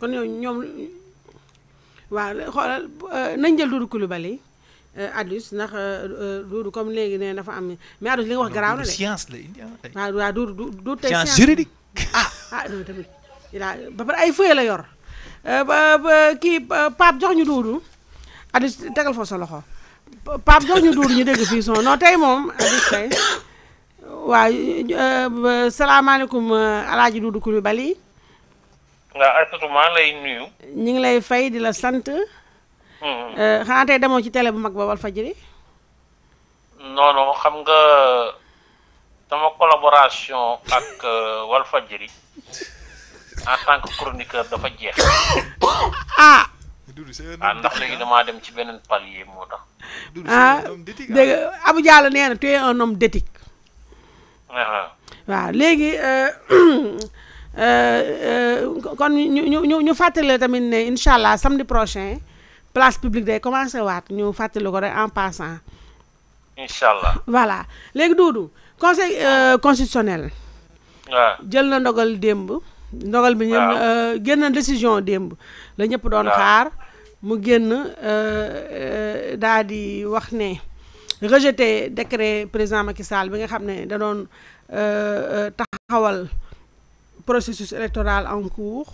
kon ñooñu ñoom waaw xoolal euh, nañ jël Doudou Coulibaly euh, Addis ndax euh, Doudou comme léegi nee dafa am mais Addis li nga wax garaaw na de. science la indi waaw ah, waaw Doudou Doudou tey science juridique ah ah non tamit ba pare ay la yor ba ba kii jox ñu Doudou Addis tegal fa sa loxo Pape jox ñu Doudou ñu dégg fii son non tey moom Addis tey waaw salaamaaleykum Alaaji Doudou Coulibaly nga Aïssatou maa lay nuyu. ñu ngi lay fay di la sant. Hmm. Eh, xanaa tey demoo ci télé bu mag ba wal fajiri. non non xam nga sama collaboration ak euh, wal fajiri en tant que chroniqueur dafa jeex. Ah! ah. ndax léegi damaa dem ci palier ah Abou Diallo nee tu es un homme Euh, euh, kon ñu ñu ñu ñu fàttali tamit ne incha allah samedi prochain place publique day commencé waat ñu fàttali ko rek en passant. incha allah voilà léegi Doudou conseil euh, constitutionnel. waaw jël na ndogal démb. ndogal bi ñëpp génn na décision démb. la ñëpp doon xaar. mu génn daal di wax ne rejeté décret président Macky Sall bi nga xam ne da doon taxawal. processus électoral en cours.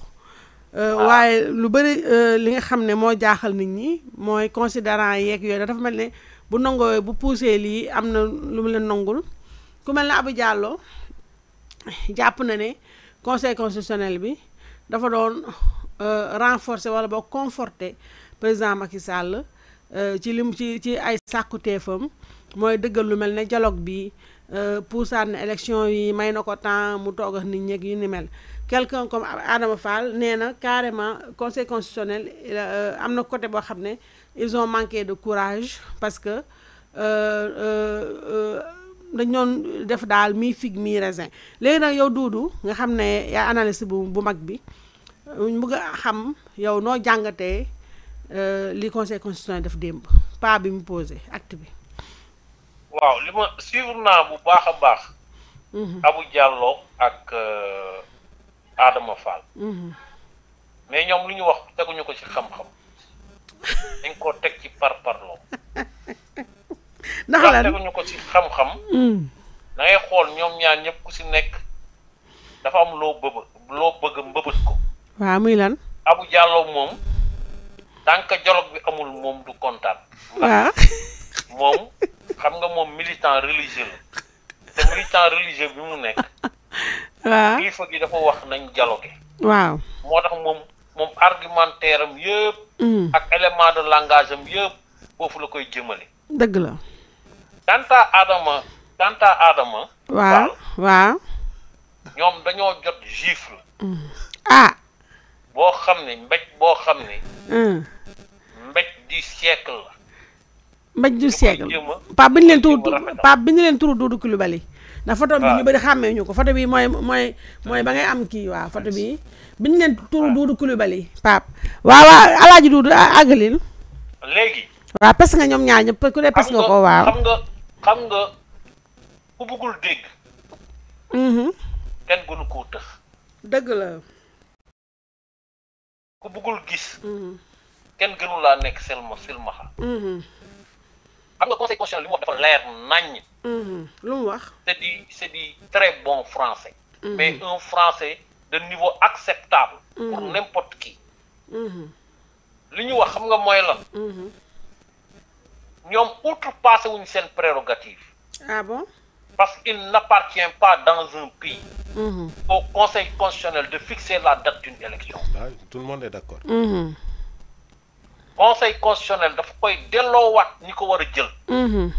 Euh, ah. waaye lu bëri euh, li nga xam ne moo jaaxal nit ñi mooy considérant yeeg yooyu dafa mel ne bu nangoo bu poussé lii am na lu mu leen nangul ku mel ne abu jàlloo jàpp na ne conseil constitutionnel bi dafa doon euh, renforcer wala boo conforter président Macky Sall ci lim ci ci ay sàkkuteefam mooy dëggal lu mel ne dialogue bi Euh, Pour na élection yi may na ko temps mu toog ak nit ñeeg yu ni mel quelqu'un comme Adama Fall nee na carrément conseil constitutionnel euh, am na côté boo xam ne ils ont manqué de courage parce que euh, dañ ñoon def daal mi fig mi raisin léegi nag yow Doudou nga xam ne yaa analyste bu bu mag bi mu nga xam yow noo jàngatee li conseil constitutionnel def démb pas bi mu posé acte bi waaw li ma suivre naa bu baax a baax. Mhm. Abu jallo ak euh, Adama Fall. Mhm. mais ñoom lu ñu wax teguñu ko ci xam-xam. dañ ko teg ci par parloo. ndax lan teguñu ko ci xam-xam. Mhm. da ngay xool ñoom ñaar ñëpp ku si nekk dafa am loo bëbë loo bëgg mbëbët ko. waaw muy lan. Abu jallo moom. tant que dialogue bi amul moom du kontaan. waaw moom. xam nga moom militant religieux la te militant religieux bi mu nekk. waaw kilifa gi dafa wax nañ dialogue. waaw moo tax moom moom argumentaire am mm. ak élément de langage am foofu la koy jëmale. dëgg la. Danta Adama Danta Adama. waaw waaw. ñoom dañoo jot gifle. Mm. ah. boo xam ne mbéj boo xam ne. Mm. mbéj du siècle la. mbaj du siècle pa biñ leen turu pa biñ turu dudu kulubali na photo bi ñu ah. bari xamé ñu ko photo bi moy moy ah. moy ba ngay am ki wa photo bi biñ leen turu ah. dudu kulubali pap wa wa alaaji dudu agalil legi wa pes nga ñom ñaar ñep ku nga ko wa xam nga xam nga ku bëggul hmm ken gënu ko tax deug la ku gis hmm ken gënu la nek selma silmaxa hmm xam conseil constitutionnel li mu mhm. c'est du c'est très bon français. Mhm. mais un français de niveau acceptable. pour mhm. n'importe qui. li ñu wax xam nga mooy outrepassé une seen prérogative. ah bon. parce qu'il n'appartient pas dans un pays au conseil constitutionnel de fixer la date d'une élection. Ah, tout le monde est d'accord conseil constitutionnel de koy delloowaat ñi ko mhm.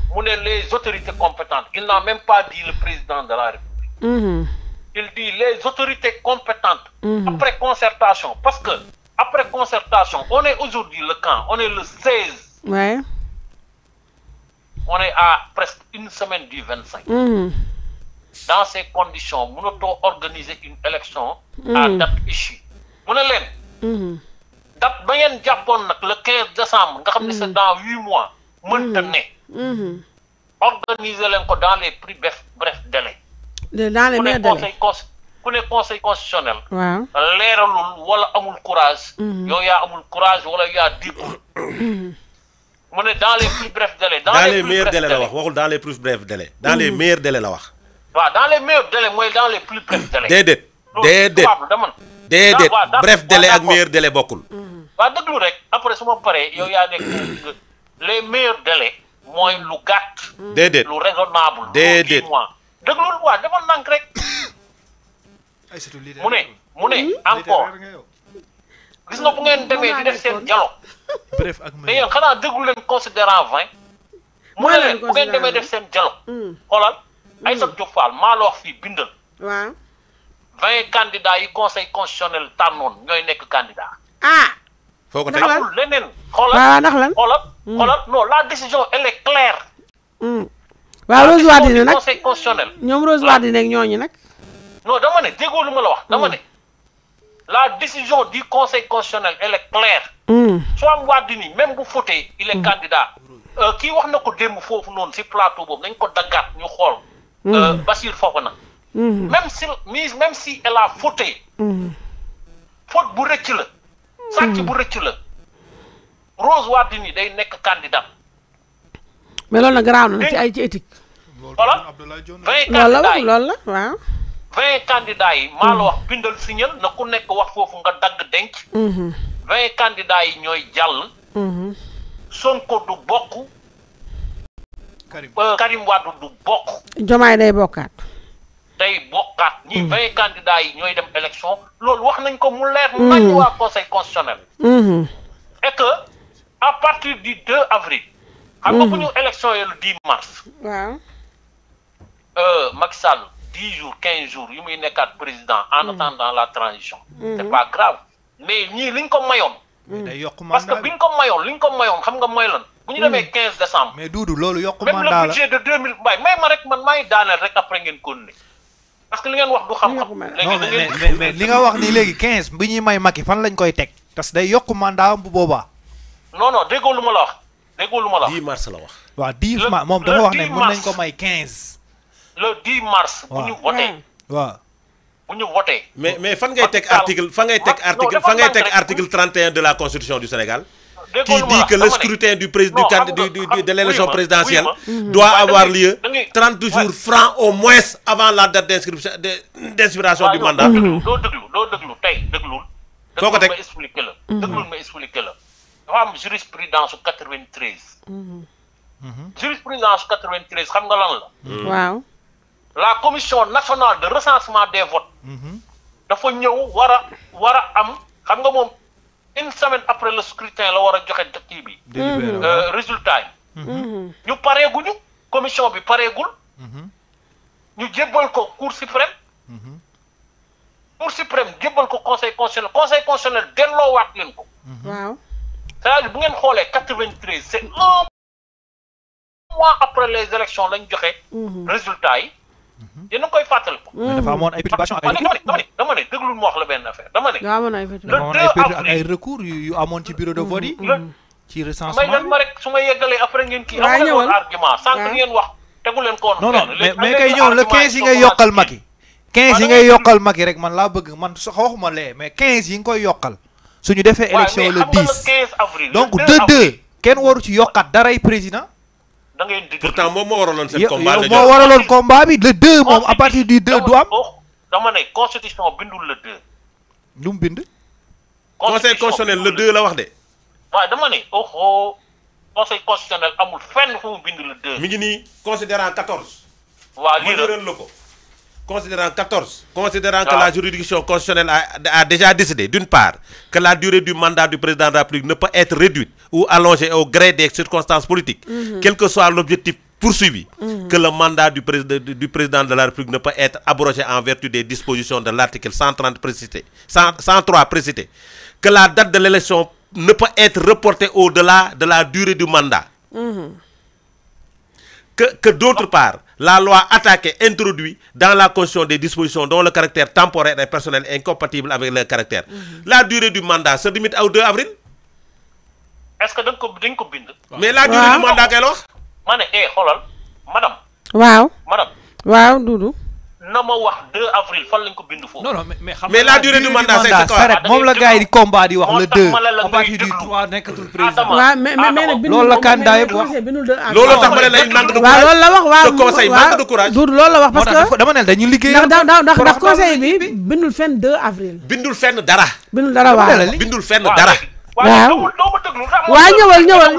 les autorités compétentes il n'a même pas dit le président de la république. Mhm. il dit les autorités compétentes. Mhm. après concertation parce que après concertation on est aujourd'hui le camp on est le 16. on est à presque une semaine du 25. dans ces conditions avons organiser une élection. à date issue mu ne leen date ba ngeen jàppoon nag le 15 décembre nga xam ne c'est mm. dans 8 mois mënta mm. ne mm-hmm. organiser leen ko dans les plus brefs délais dans les meilleurs délais ku ne conseil constitutionnel waaw leeralul wala amul courage mm-hmm. yow yaa amul courage wala yaa diggul mm-hmm. mu ne dans les plus bref délais dans les meilleurs délais la wax waxul dans les plus brefs délais dans les meilleurs délais la wax waaw dans les meilleurs délais mooy dans les plus brefs délais déedéet déedéet déedéet ah, bref délai ak meilleur délai bokkul waa déglu rek après su ma paree yow yaa nekk les meilleurs délais mooy lu gàtt. déedéet lu raisonnable. déedéet mois déglul waa dafa nànk rek. mu ne mu ne encore gis nga bu ngeen demee di def seen dialogue. bref ak mais yéen xanaa déglu leen considérant vingt. mu ne leen bu ngeen demee def seen dialogue. Mm. xoolal mm. Aïssatou Diop Fall maa la fii bindal. waaw vingt candidats yi conseil constitutionnel tànnoon ñooy nekk candidat. Ah! foo ko leneen. xoolal ndax lan xoolal mm. xoolal non la décision elle est claire. Mm. waaw Rose Wardini nag conseil constitutionnel. ñoom Rose Wardini ak ñooñu nag. non dama ne déggoo lu ma la wax dama mm. ne. la décision du conseil constitutionnel elle est claire. Soham Wardini même bu fautee il est candidat. Euh, kii wax na ko démb foofu noonu si plateau boobu dañ ko daggaat ñu xool. Euh, Bassirou Fofana. même si même si elle a faute bu rëcc la. sàcc hmm. bu rëccu la Rose Wardini day nekk candidat. mais loolu garaaw na ci ay ci éthique. voilà vingt candidats yi la waaw. vingt candidats yi. maa la hmm. wax bindal signal na ku nekk wax foofu nga dagg denc. Hmm. vingt candidats yi ñooy jàll. Sonko du bokk. Karim euh, Wade du bokk. Jomaay day bokkaat. day bokkaat ñi mm. vingt candidats yi ñooy dem élection loolu wax nañ ko mu leer mm. nañ waa conseil constitutionnel mm-hmm. et que à partir du 2 avril xam nga bu mm. ñu élection yi le 10 mars waaw euh, Macky Sall dix jours quinze jours yu muy nekkaat président en attendant la transition mm-hmm. c'est pas grave mais ñii liñ ko mayoon parce que biñ ko mayoon liñ ko mayoon xam nga mooy lan ñu demee 15 décembre. mais Doudou loolu yokk mandat la may ma rek man maay daaneel rek après parce que li ngeen wax du xam-xam li nga wax ni léegi 15 bi ñuy may fan lañ koy tek tas day mandat bu non non ma la wax la wax 10 mars la wax waaw 10 mars moom dafa wax ne mën nañ ko may 15 le 10 mars bu ñu voté bu ñu voté mais fan ngay tek article fan ngay tek article fan ngay article 31 de la constitution du Sénégal qui dit que le scrutin de l'élection présidentielle mhm. doit avoir lieu 30 jours francs au moins avant la date d'inscription d'inspiration du mandat. Mhm. la. Mhm. jurisprudence 93. la. commission nationale de recensement des votes une semaine après le scrutin la wara a joxe kii bi. Mhm. Euh, résultat yi. Mhm. Mhm. ñu guñu commission bi pareegul. ñu jébbal ko cour suprême. cour suprême jébbal ko conseil constitutionnel conseil constitutionnel delloowaat le ko. waaw c'est-à-dire bu ngeen xolé 93 c'est un mois après les élections lañ joxe. résultat yi. dina mm-hmm. koy fàttaliku. dafa amoon ay perturbations ay recours la benn affaire dama yu amoon ci bureau de vote ci recensement ma rek su ma yeggalee après ngeen kii. waaw ñëwal argument sànq ngeen wax tegu leen ko woon. non non mais mais kay ñëw la 15 yi ngay yokkal Macky. 15 yi ngay yokkal Macky rek man laa bëgg man sax waxuma lee mais 15 yi nga koy yokkal. su ñu defee élection le 10 donc de deux kenn waru ci yokkaat daray président pourtant combat le constitution le 2. conseil constitutionnel le 2 conseil constitutionnel le 2. considérant 14. considérant 14. considérant que la juridiction constitutionnelle a déjà décidé d'une part que la durée du mandat du président de la République ne peut être réduite ou allongé au gré des circonstances politiques, mm-hmm. quel que soit l'objectif poursuivi mm-hmm. que le mandat du, du, président de la République ne peut être abrogé en vertu des dispositions de l'article 130 précité, 103 précité, que la date de l'élection ne peut être reportée au-delà de la durée du mandat, mm-hmm. que, d'autre part, la loi attaquée introduit dans la Constitution des dispositions dont le caractère temporaire et personnel est incompatible avec le caractère. La durée du mandat se limite au 2 avril est-ce que dañ ko dañ ko bind. mais la durée du mandat kay la wax. ma ne eh xoolal waaw waaw Doudou. na ma wax 2 avril fan lañ ko bind foofu. non non mais xam mais la moom la gars di combat di wax le 2. on partit du 3 nekkatul la candidat yëpp wax loolu la tax ma la wax waaw ce conseil la wax parce que dama ne dañu liggéey. bi bindul fenn 2 avril. bindul fenn dara. bindul dara waaw bindul fenn dara. waaw waaw ñëwal ñëwal